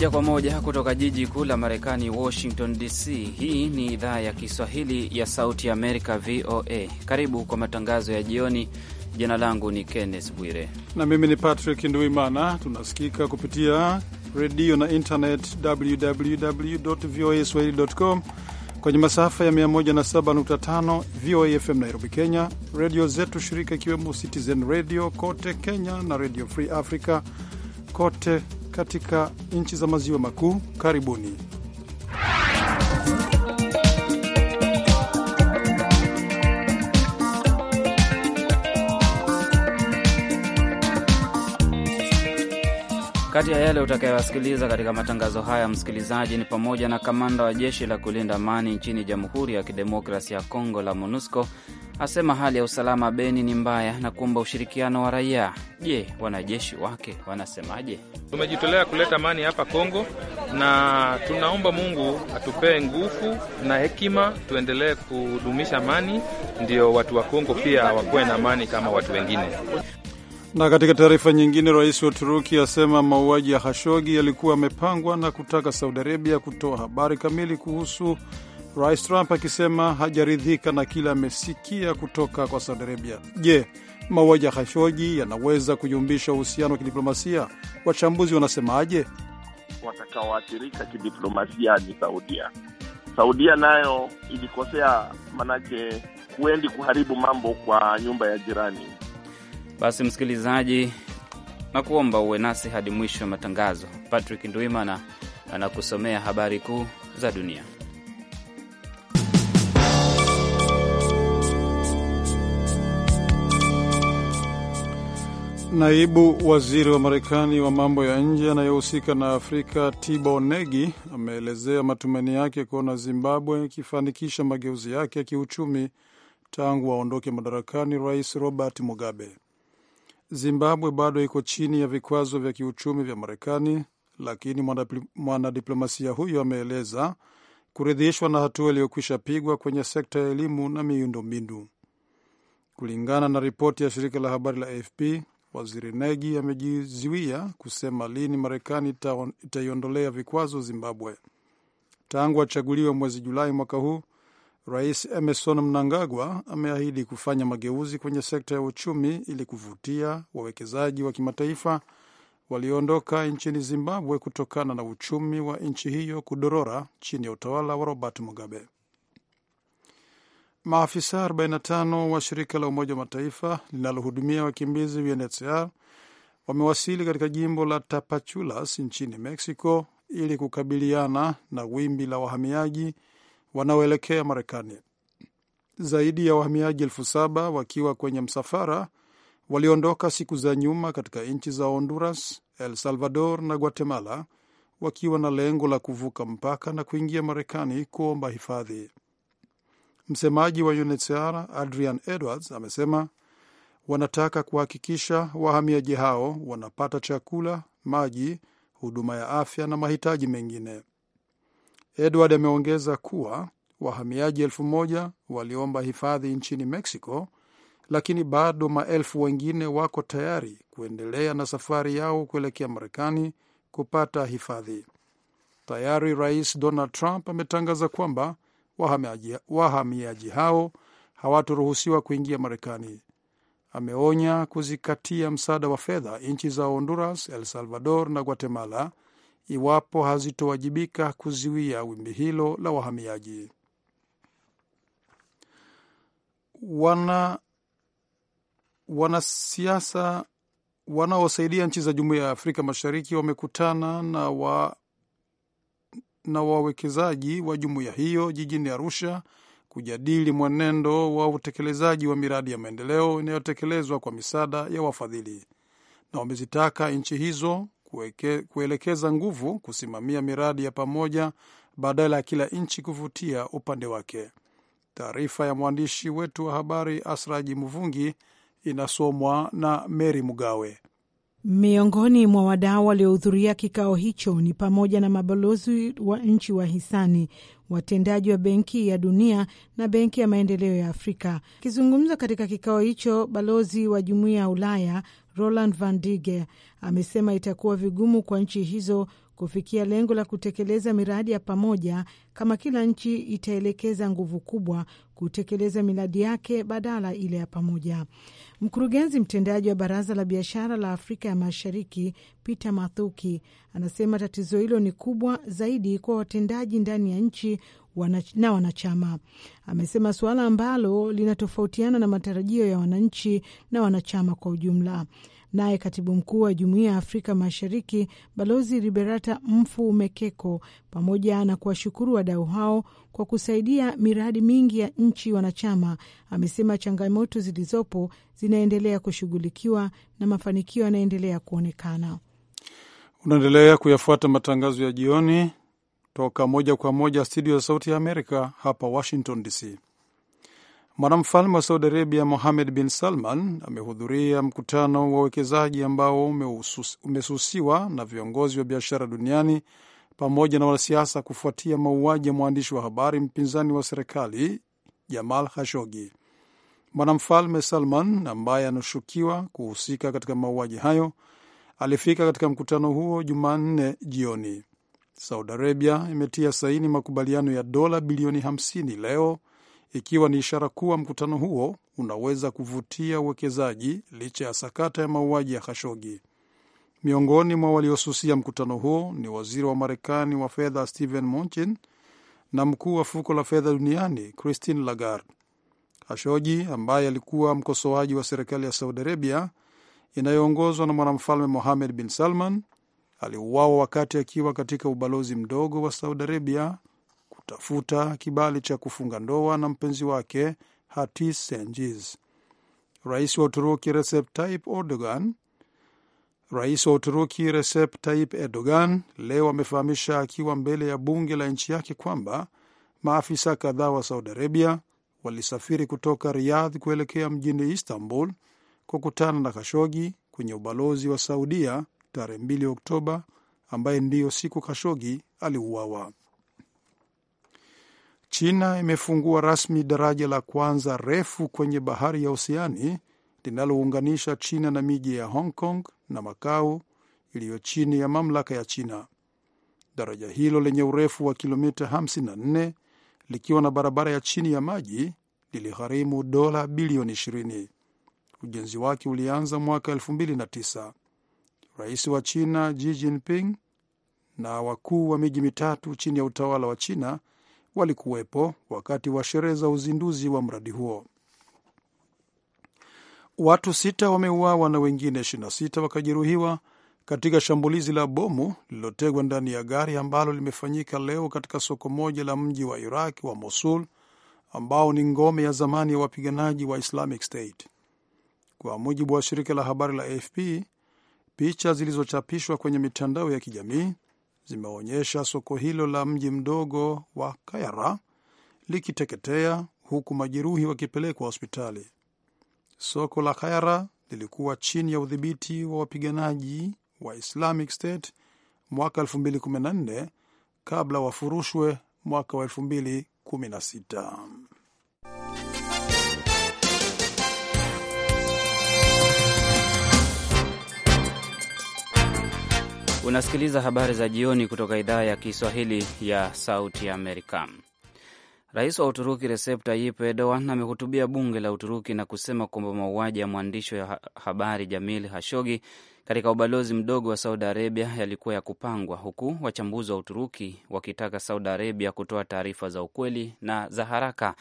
Moja kwa moja kutoka jiji kuu la Marekani, Washington DC. Hii ni idhaa ya Kiswahili ya Sauti ya Amerika, VOA. Karibu kwa matangazo ya jioni. Jina langu ni Kenneth Bwire na mimi ni Patrick Nduimana. Tunasikika kupitia redio na internet, www voa swahili com, kwenye masafa ya 107.5 VOA FM Nairobi, Kenya, redio zetu shirika ikiwemo Citizen Radio kote Kenya na redio Free Africa kote katika nchi za maziwa makuu. Karibuni. Kati ya yale utakayowasikiliza katika matangazo haya, msikilizaji, ni pamoja na kamanda wa jeshi la kulinda amani nchini Jamhuri ya Kidemokrasia ya Kongo la MONUSCO asema hali ya usalama Beni ni mbaya na kuomba ushirikiano wa raia. Je, wanajeshi wake wanasemaje? Tumejitolea kuleta amani hapa Kongo na tunaomba Mungu atupee nguvu na hekima, tuendelee kudumisha amani, ndio watu wa Kongo pia wakuwe na amani kama watu wengine. Na katika taarifa nyingine, rais wa Uturuki asema mauaji ya Hashogi yalikuwa yamepangwa na kutaka Saudi Arabia kutoa habari kamili kuhusu Rais Trump akisema hajaridhika na kile amesikia kutoka kwa Saudi Arabia. Je, mauaji ya Khashoji yanaweza kuyumbisha uhusiano wa kidiplomasia? Wachambuzi wanasemaje? Watakaoathirika kidiplomasia ni Saudia. Saudia nayo ilikosea, manake huendi kuharibu mambo kwa nyumba ya jirani. Basi msikilizaji, nakuomba uwe nasi hadi mwisho wa matangazo. Patrick Ndwimana anakusomea habari kuu za dunia. Naibu waziri wa Marekani wa mambo ya nje anayehusika na Afrika, Tibo Negi, ameelezea matumaini yake kuona Zimbabwe ikifanikisha mageuzi yake ya kiuchumi tangu aondoke madarakani Rais Robert Mugabe. Zimbabwe bado iko chini ya vikwazo vya kiuchumi vya Marekani, lakini mwanadiplomasia huyo ameeleza kuridhishwa na hatua iliyokwisha pigwa kwenye sekta ya elimu na miundombinu. Kulingana na ripoti ya shirika la habari la AFP, Waziri Negi amejizuia kusema lini Marekani itaiondolea vikwazo Zimbabwe. Tangu achaguliwe mwezi Julai mwaka huu, Rais Emerson Mnangagwa ameahidi kufanya mageuzi kwenye sekta ya uchumi ili kuvutia wawekezaji wa kimataifa walioondoka nchini Zimbabwe kutokana na uchumi wa nchi hiyo kudorora chini ya utawala wa Robert Mugabe. Maafisa 45 wa shirika la Umoja wa Mataifa linalohudumia wakimbizi UNHCR wamewasili katika jimbo la Tapachulas nchini Mexico ili kukabiliana na wimbi la wahamiaji wanaoelekea Marekani. Zaidi ya wahamiaji elfu saba wakiwa kwenye msafara waliondoka siku za nyuma katika nchi za Honduras, el Salvador na Guatemala wakiwa na lengo la kuvuka mpaka na kuingia Marekani kuomba hifadhi. Msemaji wa UNHCR Adrian Edwards amesema wanataka kuhakikisha wahamiaji hao wanapata chakula, maji, huduma ya afya na mahitaji mengine. Edward ameongeza kuwa wahamiaji elfu moja waliomba hifadhi nchini Mexico, lakini bado maelfu wengine wako tayari kuendelea na safari yao kuelekea Marekani kupata hifadhi. Tayari Rais Donald Trump ametangaza kwamba wahamiaji, wahamiaji hao hawatoruhusiwa kuingia Marekani. Ameonya kuzikatia msaada wa fedha nchi za Honduras, el Salvador na Guatemala iwapo hazitowajibika kuziwia wimbi hilo la wahamiaji. Wana wanasiasa wanaosaidia nchi za jumuiya ya Afrika Mashariki wamekutana na wa na wawekezaji wa jumuiya hiyo jijini Arusha kujadili mwenendo wa utekelezaji wa miradi ya maendeleo inayotekelezwa kwa misaada ya wafadhili, na wamezitaka nchi hizo kueke, kuelekeza nguvu kusimamia miradi ya pamoja badala ya kila nchi kuvutia upande wake. Taarifa ya mwandishi wetu wa habari Asraji mvungi inasomwa na Meri Mugawe. Miongoni mwa wadau waliohudhuria kikao hicho ni pamoja na mabalozi wa nchi wa hisani watendaji wa Benki ya Dunia na Benki ya Maendeleo ya Afrika. Akizungumza katika kikao hicho, balozi wa Jumuiya ya Ulaya Roland Van Dige amesema itakuwa vigumu kwa nchi hizo kufikia lengo la kutekeleza miradi ya pamoja, kama kila nchi itaelekeza nguvu kubwa kutekeleza miradi yake badala ile ya pamoja. Mkurugenzi mtendaji wa Baraza la Biashara la Afrika ya Mashariki Peter Mathuki anasema tatizo hilo ni kubwa zaidi kwa watendaji ndani ya nchi na wanachama. Amesema suala ambalo linatofautiana na matarajio ya wananchi na wanachama kwa ujumla. Naye katibu mkuu wa jumuiya ya Afrika Mashariki Balozi Liberata Mfu Mekeko, pamoja na kuwashukuru wadau hao kwa kusaidia miradi mingi ya nchi wanachama, amesema changamoto zilizopo zinaendelea kushughulikiwa na mafanikio yanaendelea kuonekana. Unaendelea kuyafuata matangazo ya jioni toka moja kwa moja studio ya Sauti ya Amerika hapa Washington DC. Mwanamfalme wa Saudi Arabia Mohamed bin Salman amehudhuria mkutano wa wawekezaji ambao umesusiwa na viongozi wa biashara duniani pamoja na wanasiasa kufuatia mauaji ya mwandishi wa habari mpinzani wa serikali Jamal Khashoggi. Mwanamfalme Salman ambaye anashukiwa kuhusika katika mauaji hayo alifika katika mkutano huo Jumanne jioni. Saudi Arabia imetia saini makubaliano ya dola bilioni 50 leo ikiwa ni ishara kuwa mkutano huo unaweza kuvutia uwekezaji licha ya sakata ya mauaji ya Khashogi. Miongoni mwa waliosusia mkutano huo ni waziri wa Marekani wa fedha Steven Mnuchin na mkuu wa fuko la fedha duniani Christine Lagarde. Khashogi ambaye alikuwa mkosoaji wa serikali ya Saudi Arabia inayoongozwa na mwanamfalme Mohammed bin Salman aliuawa wakati akiwa katika ubalozi mdogo wa Saudi Arabia kutafuta kibali cha kufunga ndoa na mpenzi wake Hatis Sengiz. Rais wa Uturuki Recep Tayyip Erdogan Rais wa Uturuki Recep Tayyip Erdogan leo amefahamisha akiwa mbele ya bunge la nchi yake kwamba maafisa kadhaa wa Saudi Arabia walisafiri kutoka Riyadh kuelekea mjini Istanbul kukutana na Khashogi kwenye ubalozi wa Saudia tarehe 2 Oktoba, ambaye ndiyo siku Khashogi aliuawa. China imefungua rasmi daraja la kwanza refu kwenye bahari ya Oseani linalounganisha China na miji ya Hong Kong na Makau iliyo chini ya mamlaka ya China. Daraja hilo lenye urefu wa kilomita 54 likiwa na barabara ya chini ya maji liligharimu dola bilioni 20. Ujenzi wake ulianza mwaka 2009. Rais wa China Xi Jinping na wakuu wa miji mitatu chini ya utawala wa China walikuwepo wakati wa sherehe za uzinduzi wa mradi huo. Watu sita wameuawa na wengine 26 wakajeruhiwa katika shambulizi la bomu lililotegwa ndani ya gari ambalo limefanyika leo katika soko moja la mji wa Iraq wa Mosul ambao ni ngome ya zamani ya wapiganaji wa Islamic State. Kwa mujibu wa shirika la habari la AFP, picha zilizochapishwa kwenye mitandao ya kijamii zimeonyesha soko hilo la mji mdogo wa Kayara likiteketea huku majeruhi wakipelekwa hospitali. Soko la Kayara lilikuwa chini ya udhibiti wa wapiganaji wa Islamic State mwaka 2014 kabla wafurushwe mwaka wa 2016. Unasikiliza habari za jioni kutoka idhaa ya Kiswahili ya Sauti ya Amerika. Rais wa Uturuki Recep Tayyip Erdogan amehutubia bunge la Uturuki na kusema kwamba mauaji ya mwandishi wa habari Jamil Hashogi katika ubalozi mdogo wa Saudi Arabia yalikuwa ya kupangwa, huku wachambuzi wa Uturuki wakitaka Saudi Arabia kutoa taarifa za ukweli na za haraka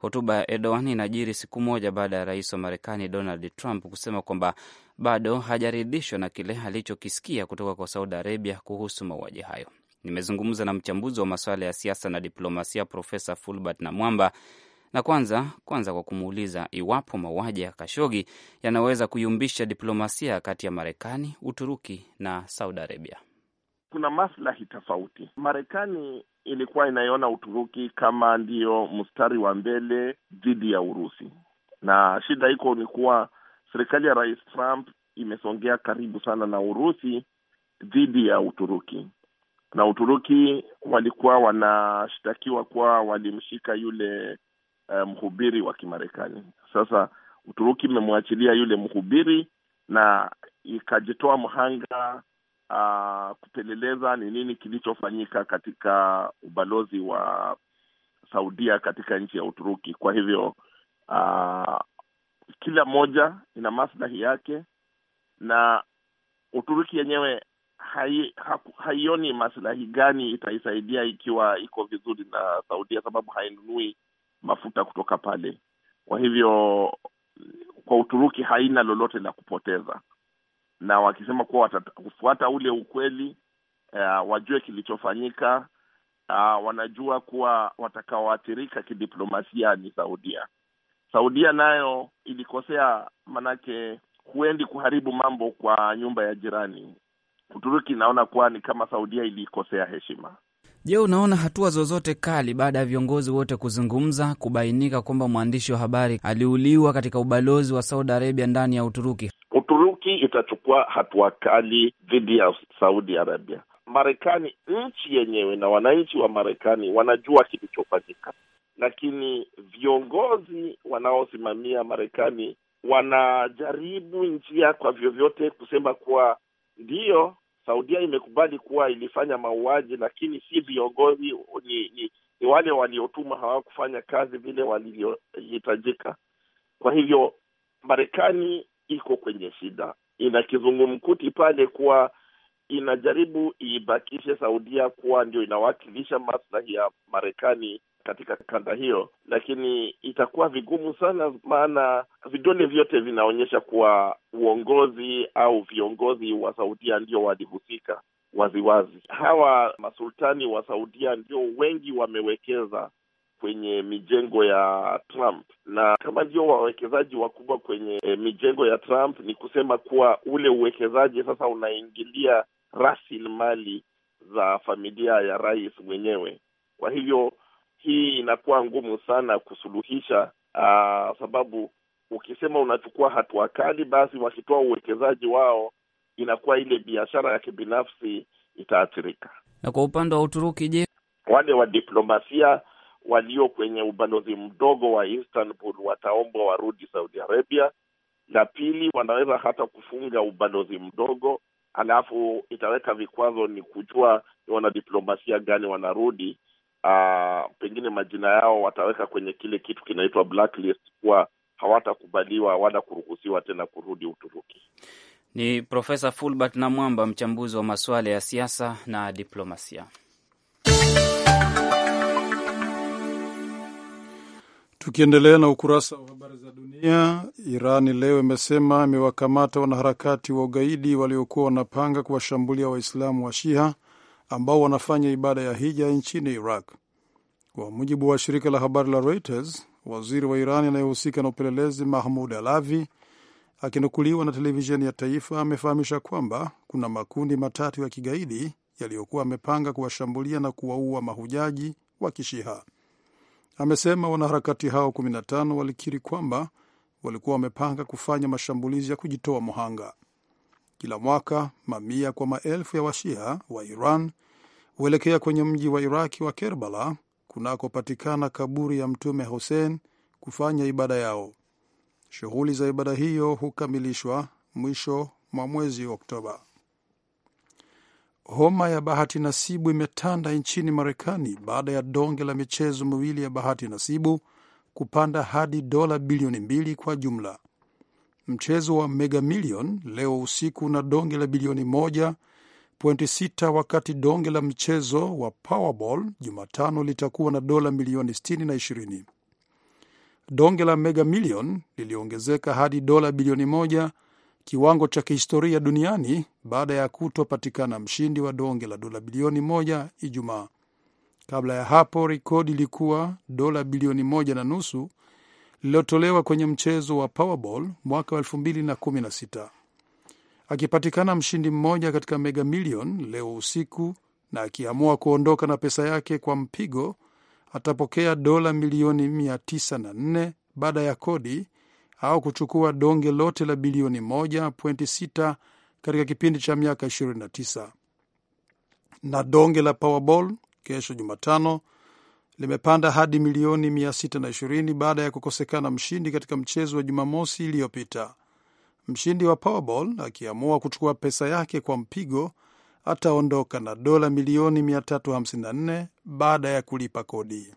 Hotuba ya Erdogan inajiri siku moja baada ya rais wa Marekani Donald Trump kusema kwamba bado hajaridhishwa na kile alichokisikia kutoka kwa Saudi Arabia kuhusu mauaji hayo. Nimezungumza na mchambuzi wa masuala ya siasa na diplomasia Profesa Fulbert Namwamba na kwanza kwanza kwa kumuuliza iwapo mauaji ya Kashogi yanaweza kuyumbisha diplomasia kati ya Marekani, Uturuki na Saudi Arabia. Kuna maslahi tofauti. Marekani ilikuwa inaiona Uturuki kama ndiyo mstari wa mbele dhidi ya Urusi, na shida iko ni kuwa serikali ya Rais Trump imesongea karibu sana na Urusi dhidi ya Uturuki, na Uturuki walikuwa wanashtakiwa kuwa walimshika yule uh, mhubiri wa Kimarekani. Sasa Uturuki imemwachilia yule mhubiri na ikajitoa mhanga uh, kupeleleza ni nini kilichofanyika katika ubalozi wa Saudia katika nchi ya Uturuki. Kwa hivyo uh, kila moja ina maslahi yake, na Uturuki yenyewe haioni hai maslahi gani itaisaidia ikiwa iko vizuri na Saudia, sababu hainunui mafuta kutoka pale. Kwa hivyo kwa Uturuki haina lolote la kupoteza na wakisema kuwa watafuata ule ukweli uh, wajue kilichofanyika. Uh, wanajua kuwa watakaoathirika kidiplomasia ni Saudia. Saudia nayo ilikosea, manake huendi kuharibu mambo kwa nyumba ya jirani. Uturuki inaona kuwa ni kama Saudia ilikosea heshima. Je, unaona hatua zozote kali baada ya viongozi wote kuzungumza kubainika kwamba mwandishi wa habari aliuliwa katika ubalozi wa Saudi Arabia ndani ya Uturuki? hii itachukua hatua kali dhidi ya Saudi Arabia. Marekani, nchi yenyewe na wananchi wa Marekani wanajua kilichofanyika, lakini viongozi wanaosimamia Marekani wanajaribu njia kwa vyovyote kusema kuwa ndiyo, Saudia imekubali kuwa ilifanya mauaji, lakini si viongozi, ni, ni, ni wale waliotuma hawakufanya kazi vile walivyohitajika. Kwa hivyo Marekani iko kwenye shida, ina kizungumkuti pale kuwa inajaribu ibakishe Saudia kuwa ndio inawakilisha maslahi ya Marekani katika kanda hiyo, lakini itakuwa vigumu sana, maana vidole vyote vinaonyesha kuwa uongozi au viongozi wa Saudia ndio walihusika waziwazi. Hawa masultani wa Saudia ndio wengi wamewekeza kwenye mijengo ya Trump, na kama ndio wawekezaji wakubwa kwenye e, mijengo ya Trump, ni kusema kuwa ule uwekezaji sasa unaingilia rasilimali za familia ya rais mwenyewe. Kwa hivyo hii inakuwa ngumu sana kusuluhisha, aa, ah, sababu ukisema unachukua hatua kali, basi wakitoa uwekezaji wao inakuwa ile biashara ya kibinafsi itaathirika. Na kwa upande wa Uturuki, je, wale wa diplomasia walio kwenye ubalozi mdogo wa Istanbul wataombwa warudi Saudi Arabia, na pili, wanaweza hata kufunga ubalozi mdogo, alafu itaweka vikwazo ni kujua ni wanadiplomasia gani wanarudi. Aa, ah, pengine majina yao wataweka kwenye kile kitu kinaitwa blacklist kuwa hawatakubaliwa wala kuruhusiwa tena kurudi Uturuki. Ni Profesa Fulbert Namwamba, mchambuzi wa masuala ya siasa na diplomasia. Tukiendelea na ukurasa wa habari za dunia, Irani leo imesema imewakamata wanaharakati wa ugaidi waliokuwa wanapanga kuwashambulia Waislamu wa shiha ambao wanafanya ibada ya hija nchini Iraq. Kwa mujibu wa shirika la habari la Reuters, waziri wa Irani anayehusika na upelelezi Mahmud Alavi akinukuliwa na televisheni ya taifa amefahamisha kwamba kuna makundi matatu ya kigaidi yaliyokuwa amepanga kuwashambulia na kuwaua mahujaji wa Kishiha amesema wanaharakati hao 15 walikiri kwamba walikuwa wamepanga kufanya mashambulizi ya kujitoa muhanga. Kila mwaka mamia kwa maelfu ya washia wa Iran huelekea kwenye mji wa Iraki wa Kerbala kunakopatikana kaburi ya Mtume Hussein kufanya ibada yao. Shughuli za ibada hiyo hukamilishwa mwisho mwa mwezi Oktoba. Homa ya bahati nasibu imetanda nchini Marekani baada ya donge la michezo miwili ya bahati nasibu kupanda hadi dola bilioni mbili kwa jumla. Mchezo wa Mega Million leo usiku na donge la bilioni moja pointi sita, wakati donge la mchezo wa Powerball Jumatano litakuwa na dola milioni sitini na ishirini. Donge la Mega Million liliongezeka hadi dola bilioni moja kiwango cha kihistoria duniani baada ya kutopatikana mshindi wa donge la dola bilioni moja Ijumaa. Kabla ya hapo, rekodi ilikuwa dola bilioni moja na nusu lililotolewa kwenye mchezo wa Powerball mwaka wa sita Akipatikana mshindi mmoja katika mega milioni leo usiku na akiamua kuondoka na pesa yake kwa mpigo, atapokea dola milioni nne baada ya kodi au kuchukua donge lote la bilioni 1.6 katika kipindi cha miaka 29. Na donge la Powerball kesho Jumatano limepanda hadi milioni 620 baada ya kukosekana mshindi katika mchezo wa Jumamosi iliyopita. Mshindi wa Powerball akiamua kuchukua pesa yake kwa mpigo ataondoka na dola milioni 354 baada ya kulipa kodi.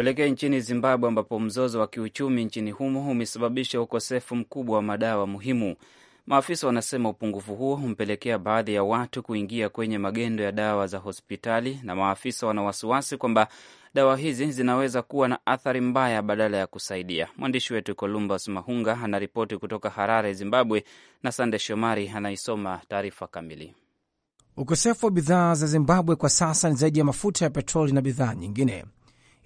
Tuelekee nchini Zimbabwe ambapo mzozo wa kiuchumi nchini humo umesababisha ukosefu mkubwa wa madawa muhimu. Maafisa wanasema upungufu huo humpelekea baadhi ya watu kuingia kwenye magendo ya dawa za hospitali, na maafisa wana wasiwasi kwamba dawa hizi zinaweza kuwa na athari mbaya badala ya kusaidia. Mwandishi wetu Columbus Mahunga anaripoti kutoka Harare, Zimbabwe, na Sande Shomari anaisoma taarifa kamili. Ukosefu wa bidhaa za Zimbabwe kwa sasa ni zaidi ya mafuta ya petroli na bidhaa nyingine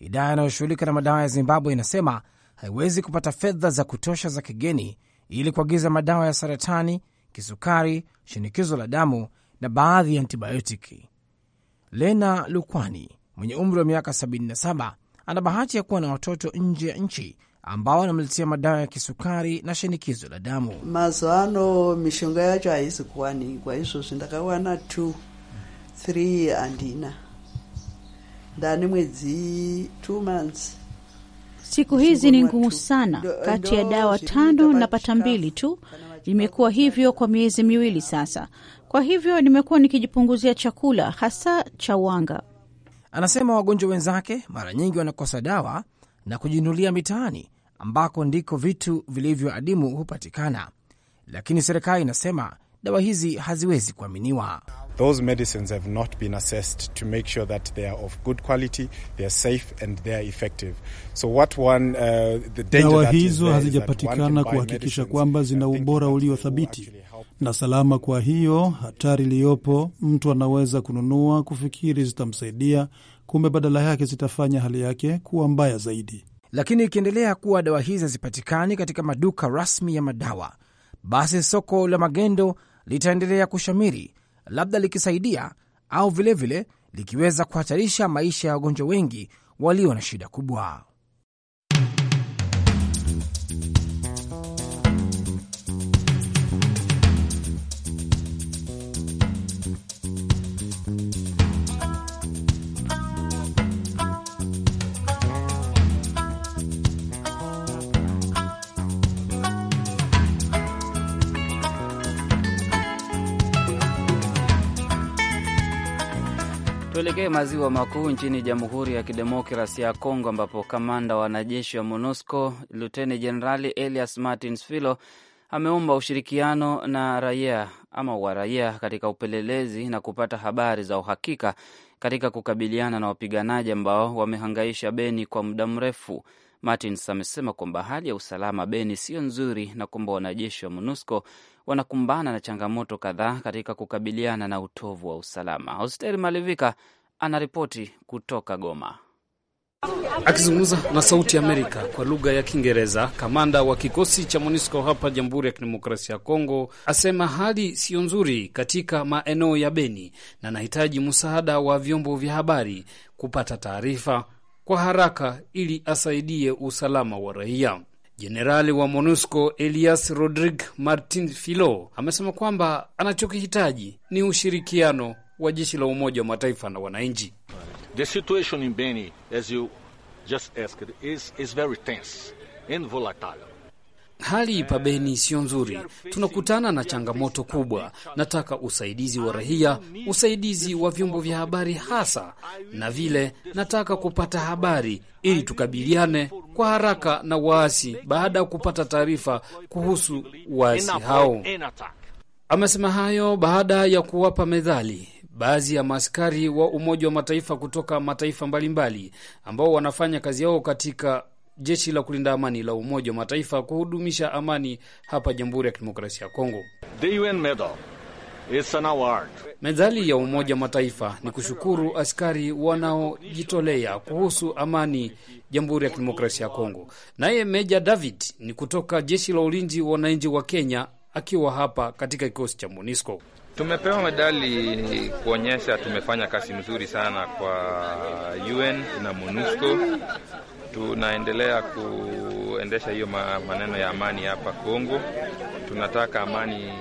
idara inayoshughulika na madawa ya Zimbabwe inasema haiwezi kupata fedha za kutosha za kigeni ili kuagiza madawa ya saratani, kisukari, shinikizo la damu na baadhi ya antibiotiki. Lena Lukwani mwenye umri wa miaka 77 ana bahati ya kuwa na watoto nje ya nchi ambao wanamletea madawa ya kisukari na shinikizo la damu. mazuano mishonga yacho haizi kwa izvozvi ndakawana 2 3 andina ndani mwezi two months. Siku hizi ni ngumu sana, kati ya dawa tano napata mbili tu. Imekuwa hivyo kwa miezi miwili sasa, kwa hivyo nimekuwa nikijipunguzia chakula hasa cha wanga. Anasema wagonjwa wenzake mara nyingi wanakosa dawa na kujinunulia mitaani ambako ndiko vitu vilivyoadimu hupatikana, lakini serikali inasema dawa hizi haziwezi kuaminiwa. Those medicines have not been assessed to make sure that they are of good quality, they are safe and they are effective. So what one, uh, the danger dawa hizo hazijapatikana kuhakikisha kwamba zina ubora ulio thabiti na salama. Kwa hiyo hatari iliyopo, mtu anaweza kununua kufikiri zitamsaidia, kumbe badala yake zitafanya hali yake kuwa mbaya zaidi. Lakini ikiendelea kuwa dawa hizi hazipatikani katika maduka rasmi ya madawa, basi soko la magendo litaendelea kushamiri labda likisaidia au vilevile vile, likiweza kuhatarisha maisha ya wagonjwa wengi walio na shida kubwa. Tuelekee maziwa makuu nchini Jamhuri ya Kidemokrasi ya Kongo, ambapo kamanda wa wanajeshi wa MONUSCO Luteni Jenerali Elias Martins Filo ameomba ushirikiano na raia ama wa raia katika upelelezi na kupata habari za uhakika katika kukabiliana na wapiganaji ambao wamehangaisha Beni kwa muda mrefu. Martins amesema kwamba hali ya usalama Beni sio nzuri na kwamba wanajeshi wa MONUSCO wanakumbana na changamoto kadhaa katika kukabiliana na utovu wa usalama. hoster Malivika anaripoti kutoka Goma. Akizungumza na Sauti Amerika kwa lugha ya Kiingereza, kamanda wa kikosi cha MONUSCO hapa Jamhuri ya Kidemokrasia ya Kongo asema hali siyo nzuri katika maeneo ya Beni na anahitaji msaada wa vyombo vya habari kupata taarifa kwa haraka ili asaidie usalama wa raia. Jenerali wa MONUSCO Elias Rodrigue Martin Filo amesema kwamba anachokihitaji ni ushirikiano wa jeshi la Umoja wa Mataifa na wananchi. The situation in Beni, as you just asked, is, is very tense and volatile. Hali pa Beni sio nzuri, tunakutana na changamoto kubwa. Nataka usaidizi wa rahia usaidizi wa vyombo vya habari hasa, na vile nataka kupata habari ili tukabiliane kwa haraka na waasi baada ya kupata taarifa kuhusu waasi hao. Amesema hayo baada ya kuwapa medhali baadhi ya maaskari wa Umoja wa Mataifa kutoka mataifa mbalimbali ambao wanafanya kazi yao katika jeshi la kulinda amani la Umoja wa Mataifa kuhudumisha amani hapa Jamhuri ya Kidemokrasia ya Kongo. The UN medal. an award. Medali ya Umoja Mataifa ni kushukuru askari wanaojitolea kuhusu amani Jamhuri ya Kidemokrasia ya Kongo. Naye Meja David ni kutoka jeshi la ulinzi wa wananchi wa Kenya akiwa hapa katika kikosi cha MONUSCO. Tumepewa medali kuonyesha tumefanya kazi mzuri sana kwa UN na MONUSCO tunaendelea kuendesha hiyo maneno ya amani hapa Kongo. Tunataka amani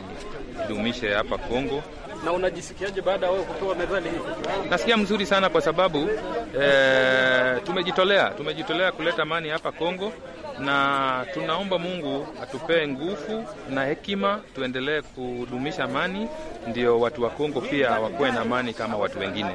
idumishe hapa Kongo. Na unajisikiaje baada ya wewe kupewa medali hii? Nasikia mzuri sana kwa sababu e, tumejitolea tumejitolea kuleta amani hapa Kongo, na tunaomba Mungu atupee nguvu na hekima tuendelee kudumisha amani, ndio watu wa Kongo pia wakuwe na amani kama watu wengine.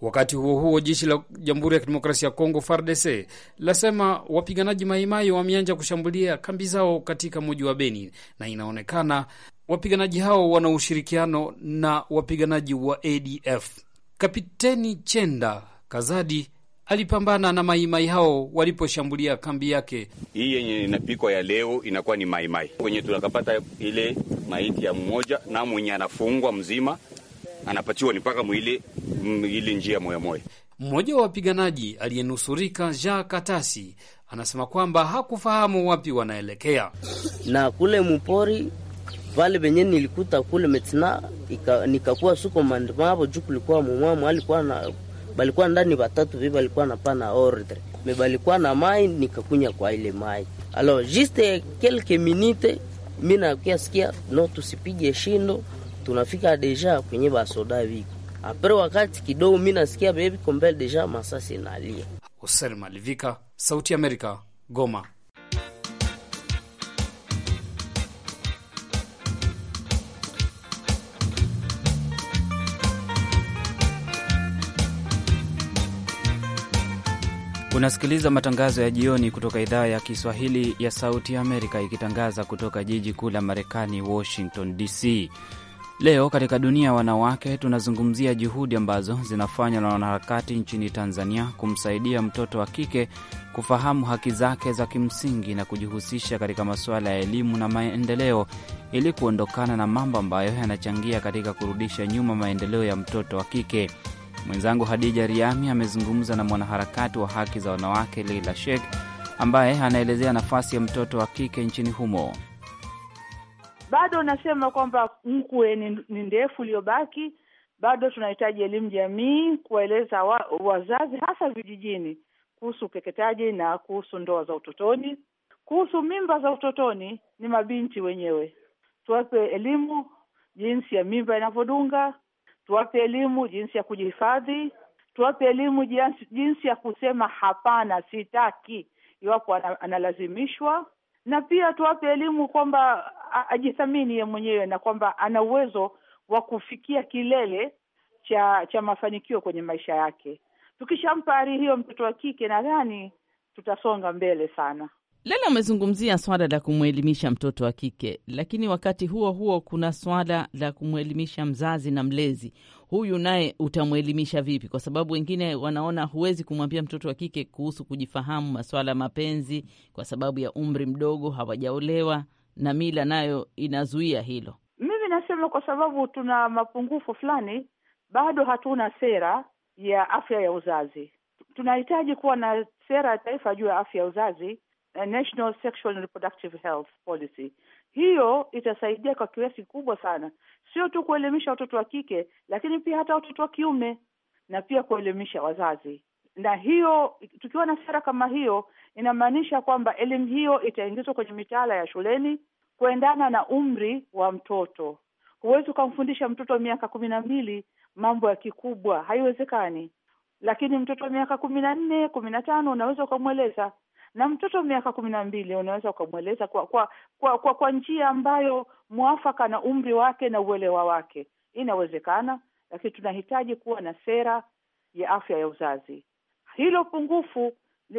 Wakati huo huo, jeshi la Jamhuri ya Kidemokrasia ya Kongo FARDC lasema wapiganaji Maimai wameanza kushambulia kambi zao katika moji wa Beni na inaonekana wapiganaji hao wana ushirikiano na wapiganaji wa ADF. Kapiteni Chenda Kazadi alipambana na maimai hao waliposhambulia kambi yake. Hii yenye inapikwa ya leo inakuwa ni maimai kwenye tunakapata ile maiti ya mmoja na mwenye anafungwa mzima anapatiwa ni mpaka mwili mm, ili njia moyamoya. Mmoja wa wapiganaji aliyenusurika ja Katasi anasema kwamba hakufahamu wapi wanaelekea na kule mpori pale venye nilikuta kule metina nikakuwa suko mandimabo juu kulikuwa mumwamu alikuwa na balikuwa ndani vatatu vi balikuwa na pana ordre me balikuwa na mai nikakunya kwa ile mai alo juste kelke minite mi nakuasikia no tusipige shindo tunafika deja kwenye basoda viko apre wakati kidogo, mi nasikia bebi kombele deja masasi nalia. Hosen Malivika, Sauti Amerika, Goma. Unasikiliza matangazo ya jioni kutoka idhaa ya Kiswahili ya Sauti Amerika ikitangaza kutoka jiji kuu la Marekani, Washington DC. Leo katika dunia ya wanawake tunazungumzia juhudi ambazo zinafanywa na wanaharakati nchini Tanzania kumsaidia mtoto wa kike kufahamu haki zake za kimsingi na kujihusisha katika masuala ya elimu na maendeleo ili kuondokana na mambo ambayo yanachangia katika kurudisha nyuma maendeleo ya mtoto wa kike. Mwenzangu Hadija Riami amezungumza na mwanaharakati wa haki za wanawake Leila Sheikh ambaye anaelezea nafasi ya mtoto wa kike nchini humo. Bado nasema kwamba mkwe ni, ni ndefu iliyobaki. Bado tunahitaji elimu jamii, kuwaeleza wa, wazazi hasa vijijini kuhusu ukeketaji na kuhusu ndoa za utotoni. Kuhusu mimba za utotoni, ni mabinti wenyewe, tuwape elimu jinsi ya mimba inavyodunga, tuwape elimu jinsi ya kujihifadhi, tuwape elimu jinsi ya kusema hapana, sitaki, iwapo analazimishwa, na pia tuwape elimu kwamba ajithamini ye mwenyewe na kwamba ana uwezo wa kufikia kilele cha cha mafanikio kwenye maisha yake. Tukishampa ari hiyo mtoto wa kike, nadhani tutasonga mbele sana. Lela, umezungumzia swala la kumwelimisha mtoto wa kike, lakini wakati huo huo kuna swala la kumwelimisha mzazi na mlezi. Huyu naye utamwelimisha vipi? Kwa sababu wengine wanaona huwezi kumwambia mtoto wa kike kuhusu kujifahamu, maswala ya mapenzi, kwa sababu ya umri mdogo, hawajaolewa na mila nayo inazuia hilo. Mimi nasema kwa sababu tuna mapungufu fulani, bado hatuna sera ya afya ya uzazi. Tunahitaji kuwa na sera ya taifa juu ya afya ya uzazi, eh, National Sexual and Reproductive Health Policy. Hiyo itasaidia kwa kiasi kikubwa sana, sio tu kuelimisha watoto wa kike, lakini pia hata watoto wa kiume na pia kuelimisha wazazi. Na hiyo tukiwa na sera kama hiyo, inamaanisha kwamba elimu hiyo itaingizwa kwenye mitaala ya shuleni, kuendana na umri wa mtoto. Huwezi ukamfundisha mtoto miaka kumi na mbili mambo ya kikubwa, haiwezekani. Lakini mtoto wa miaka kumi na nne kumi na tano unaweza ukamweleza, na mtoto miaka kumi na mbili unaweza ukamweleza kwa kwa, kwa, kwa, kwa njia ambayo mwafaka na umri wake na uelewa wake. Inawezekana, lakini tunahitaji kuwa na sera ya afya ya uzazi. Hilo pungufu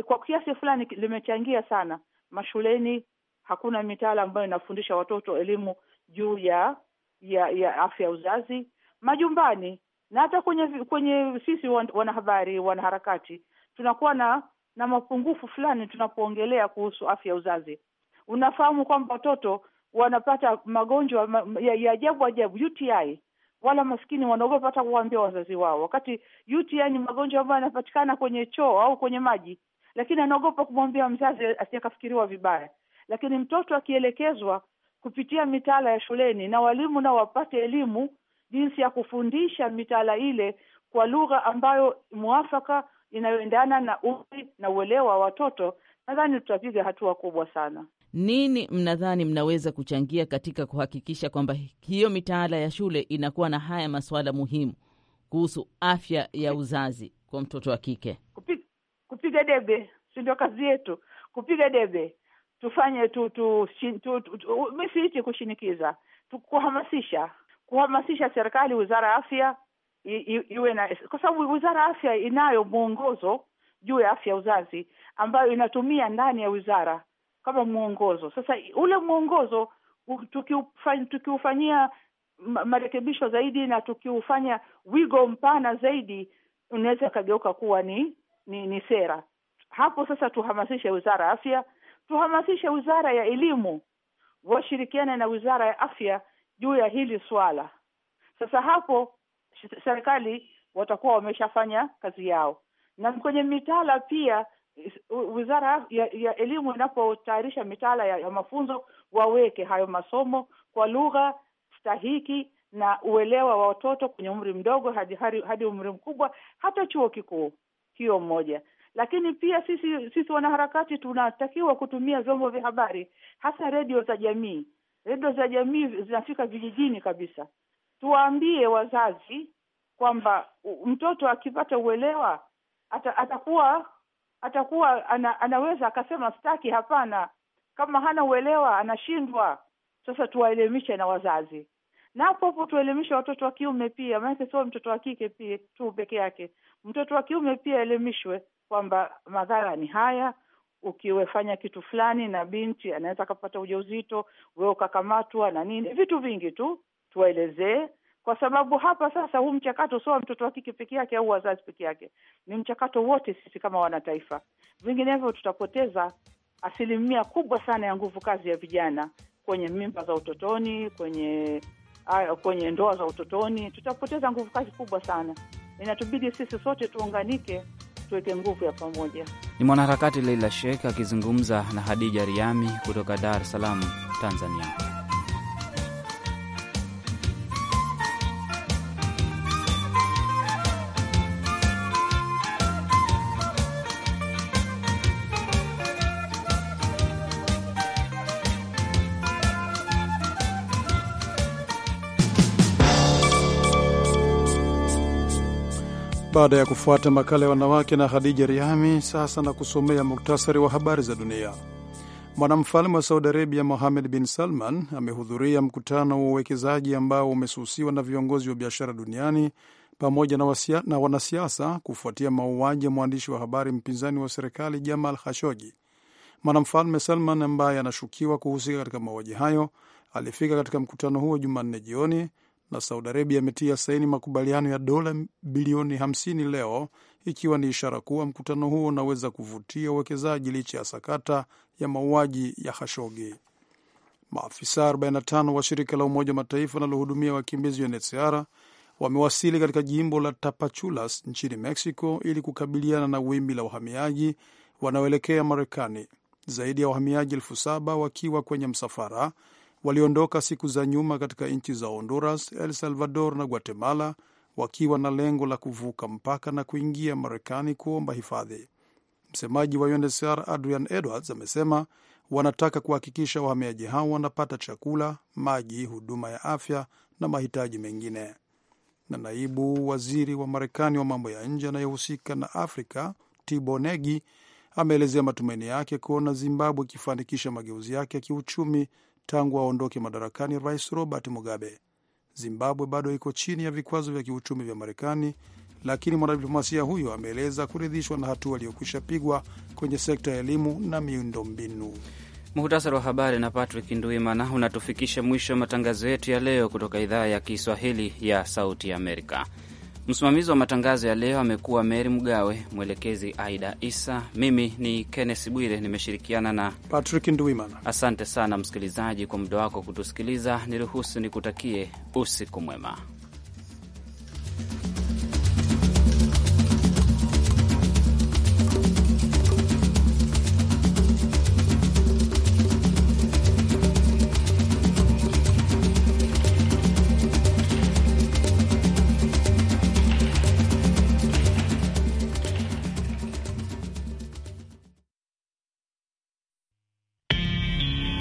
kwa kiasi fulani limechangia sana mashuleni hakuna mitaala ambayo inafundisha watoto elimu juu ya ya ya afya ya uzazi majumbani na hata kwenye kwenye sisi wanahabari wanaharakati tunakuwa na na mapungufu fulani tunapoongelea kuhusu afya ya uzazi unafahamu kwamba watoto wanapata magonjwa ya ajabu ajabu UTI wala maskini wanaogopa hata kuwaambia wazazi wao wakati UTI ni magonjwa ambayo yanapatikana kwenye choo au kwenye maji lakini anaogopa kumwambia mzazi asijakafikiriwa vibaya lakini mtoto akielekezwa kupitia mitaala ya shuleni na walimu nao wapate elimu jinsi ya kufundisha mitaala ile kwa lugha ambayo mwafaka inayoendana na umri na uelewa wa watoto, nadhani tutapiga hatua kubwa sana. Nini mnadhani mnaweza kuchangia katika kuhakikisha kwamba hiyo mitaala ya shule inakuwa na haya masuala muhimu kuhusu afya ya uzazi kwa mtoto wa kike? Kupiga debe, si ndio kazi yetu? Kupiga debe tufanye tu, tu, tu, tu, tu mi siiti kushinikiza, kuhamasisha kuhamasisha serikali, wizara ya afya iwe na, kwa sababu wizara ya afya inayo mwongozo juu ya afya uzazi ambayo inatumia ndani ya wizara kama mwongozo. Sasa ule mwongozo tukiufanyia marekebisho zaidi na tukiufanya wigo mpana zaidi, unaweza ukageuka kuwa ni, ni ni sera. Hapo sasa tuhamasishe wizara ya afya tuhamasishe wizara ya elimu washirikiane na wizara ya afya juu ya hili swala. Sasa hapo serikali watakuwa wameshafanya kazi yao, na kwenye mitaala pia wizara ya, ya elimu inapotayarisha mitaala ya, ya mafunzo waweke hayo masomo kwa lugha stahiki na uelewa wa watoto kwenye umri mdogo hadi hadi umri mkubwa hata chuo kikuu. Hiyo moja. Lakini pia sisi sisi wanaharakati tunatakiwa kutumia vyombo vya habari, hasa redio za jamii. Redio za jamii zinafika vijijini kabisa, tuwaambie wazazi kwamba mtoto akipata uelewa ata, atakuwa atakuwa ana, anaweza akasema staki hapana. Kama hana uelewa anashindwa. Sasa tuwaelimishe na wazazi na hapo hapo tuelimishe watoto wa kiume pia, maanake sio mtoto wa kike pia tu peke yake, mtoto wa kiume pia aelemishwe kwamba madhara ni haya ukiwefanya kitu fulani na binti anaweza akapata ujauzito, we ukakamatwa na nini, vitu vingi tu tuwaelezee, kwa sababu hapa sasa huu mchakato sio mtoto wa kike peke yake au wazazi peke yake, ni mchakato wote sisi kama wanataifa. Vinginevyo tutapoteza asilimia kubwa sana ya nguvu kazi ya vijana kwenye mimba za utotoni, kwenye a, ah, kwenye ndoa za utotoni, tutapoteza nguvu kazi kubwa sana. Inatubidi sisi sote tuunganike tuweke nguvu ya pamoja. Ni mwanaharakati Leila Sheikh akizungumza na Hadija Riami kutoka Dar es Salaam, Tanzania. Baada ya kufuata makala ya wanawake na Khadija Riami, sasa na kusomea muktasari wa habari za dunia. Mwanamfalme wa Saudi Arabia Mohamed bin Salman amehudhuria mkutano wa uwekezaji ambao umesusiwa na viongozi wa biashara duniani pamoja na, wasia, na wanasiasa kufuatia mauaji ya mwandishi wa habari mpinzani wa serikali Jamal Khashoggi. Mwanamfalme Salman ambaye anashukiwa kuhusika katika mauaji hayo alifika katika mkutano huo Jumanne jioni na Saudi Arabia ametia saini makubaliano ya dola bilioni 50 leo, ikiwa ni ishara kuwa mkutano huo unaweza kuvutia uwekezaji licha ya sakata ya mauaji ya Khashoggi. Maafisa 45 wa shirika la Umoja wa Mataifa wanalohudumia wakimbizi UNHCR wamewasili katika jimbo la Tapachulas nchini Mexico ili kukabiliana na wimbi la wahamiaji wanaoelekea Marekani. Zaidi ya wahamiaji elfu saba wakiwa kwenye msafara waliondoka siku za nyuma katika nchi za Honduras, el Salvador na Guatemala wakiwa na lengo la kuvuka mpaka na kuingia Marekani kuomba hifadhi. Msemaji wa UNHCR Adrian Edwards amesema wanataka kuhakikisha wahamiaji hao wanapata chakula, maji, huduma ya afya na mahitaji mengine. Na naibu waziri wa Marekani wa mambo ya nje anayehusika na Afrika Tibo Negi ameelezea matumaini yake kuona Zimbabwe ikifanikisha mageuzi yake ya kiuchumi tangu aondoke madarakani Rais Robert Mugabe. Zimbabwe bado iko chini ya vikwazo vya kiuchumi vya Marekani, lakini mwanadiplomasia huyo ameeleza kuridhishwa na hatua aliyokwisha pigwa kwenye sekta ya elimu na miundombinu. Muhtasari wa habari na Patrick Nduimana unatufikisha mwisho wa matangazo yetu ya leo kutoka idhaa ya Kiswahili ya Sauti ya Amerika. Msimamizi wa matangazo ya leo amekuwa Meri Mgawe, mwelekezi Aida Isa, mimi ni Kenneth Bwire, nimeshirikiana na Patrick Ndwimana. Asante sana msikilizaji kwa muda wako kutusikiliza. Niruhusu nikutakie usiku mwema.